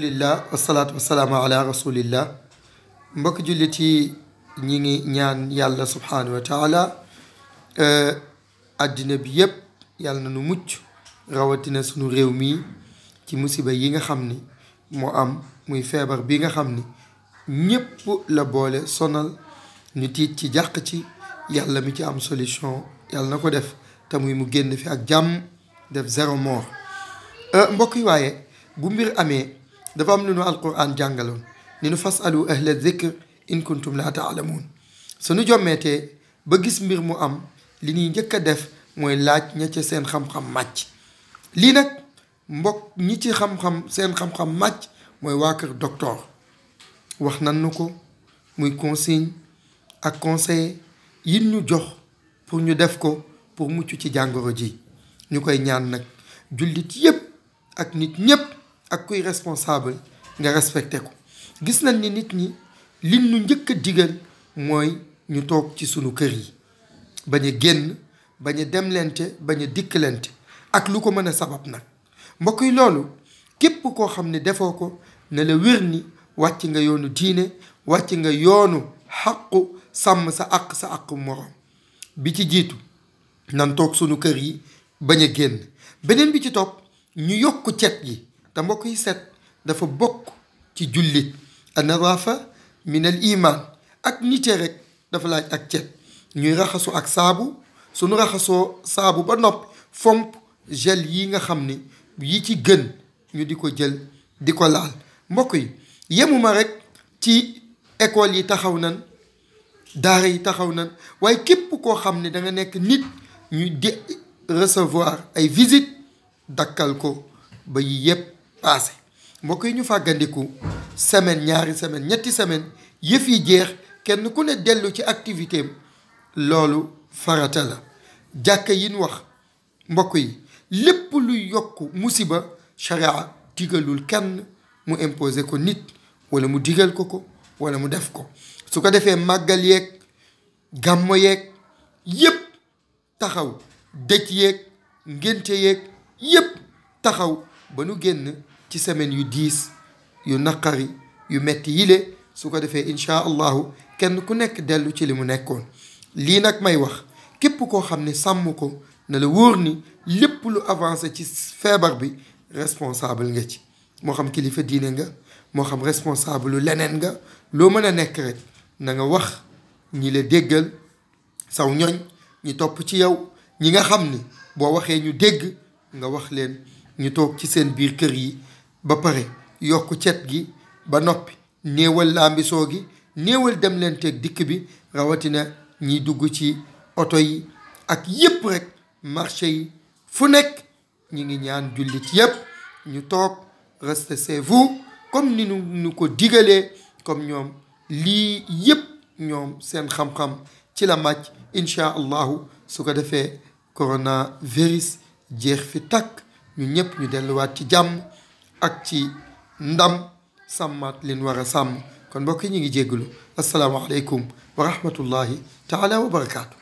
alhamdulillah wasalaatu wasalaamu ala rasulillah mbokk jullit yi ñi ngi ñaan yàlla subhanahu wa taala eh, àddina bi yëpp yàlla na nu mucc rawatina sunu réew mi ci musiba yi nga xam ni moo am muy feebar bi nga xam ni ñépp la boole sonal ñu tiit ci jàq ci yàlla mi ci am solution yàlla na ko def te mu génn fi ak jàmm def zéro mort eh, mbokk yi waaye bu mbir amee دفام لنو القرآن جانجلون نينو فاسألو أهل الذكر إن كنتم لا تعلمون سنو جوم ميتي بغيس مير مو أم لني نجكا دف موي لاج نيتي سين خم خم ماتش لينك مبوك نيتي خم خم سين خم خم ماتش موي واكر دكتور وخنا نوكو موي كونسين أك كونسي ينو جوخ pour ñu def ko pour mucc ci jàngoro ji ñu koy ñaan nag jullit yépp ak nit ñépp kuy responsable nga respecté ko gis nañ ni nit ñi liñ nu njëkk a digal mooy ñu toog ci sunu kër yi bañ a génn bañ a demlente bañ a dikkalente ak lu ko mën a sabab nag mbokk yi loolu képp koo xam ne defoo ko ne la wér ni wàcc nga yoonu diine wàcc nga yoonu xaqu sàmm sa àq sa àq morom bi ci jiitu nan toog sunu kër yi bañ a génn beneen bi ci topp ñu yokk cet yi te mbokk yi set dafa bokk ci jullit anadaafa min al iman ak nite rek dafa laaj ak cet ñuy raxasu ak saabu suñu raxasoo saabu ba noppi fomp gel yi nga xam ni yi ci gën ñu di ko jël di ko laal mbokk yi yemuma rek ci école yi taxaw nan daara yi taxaw nan waaye képp koo xam ne da nga nekk nit ñu di recevoir ay visite dakkal ko ba yi yépp passé mbokk yi ñu fàggandiku semaine ñaari semaine ñetti semaine yëf yi jeex kenn ku ne dellu ci activité loolu farata la jàkka yi wax mbokk yi lépp luy yokk musiba sharia digalul kenn mu imposer ko nit wala mu digal ko ko wala mu def ko su ko defee màggal yeeg gàmmo yeeg yëpp taxaw dëj yeeg ngénte yeeg yëpp taxaw ba nu génn ci semaine yu diis yu naqari yu metti yile su ko defee inchaa allahu kenn ku nekk dellu ci li mu nekkoon lii nag may wax képp koo xam ne sàmm ko na la wóor ni lépp lu avancé ci feebar bi responsable nga ci moo xam kilifa diine nga moo xam responsable lu leneen nga loo mën a nekk rek na nga wax ñi la déggal saw ñoñ ñi topp ci yow ñi nga xam ni boo waxee ñu dégg nga wax leen ñu toog ci seen biir kër yi ba pare yokk cet gi ba noppi néewal laambisoo gi néewal dem leen dikk bi rawatina ñi dugg ci oto yi ak yépp rekk marché yi fu nekk ñi ngi ñaan jullit yépp ñu toog restez chez vous comme ni ñu ko digalee comme ñoom lii yépp ñoom seen xam-xam ci la màcc incha allahu su ko defee coronavirus jeex fi takk ñu ñëpp ñu delluwaat ci jàmm ak ci ndam sàmmaat leen war a sàmm kon mbokk yi ñu ngi jégglu asalaamaaleykum wa rahmatullahi taala wa barakaatu.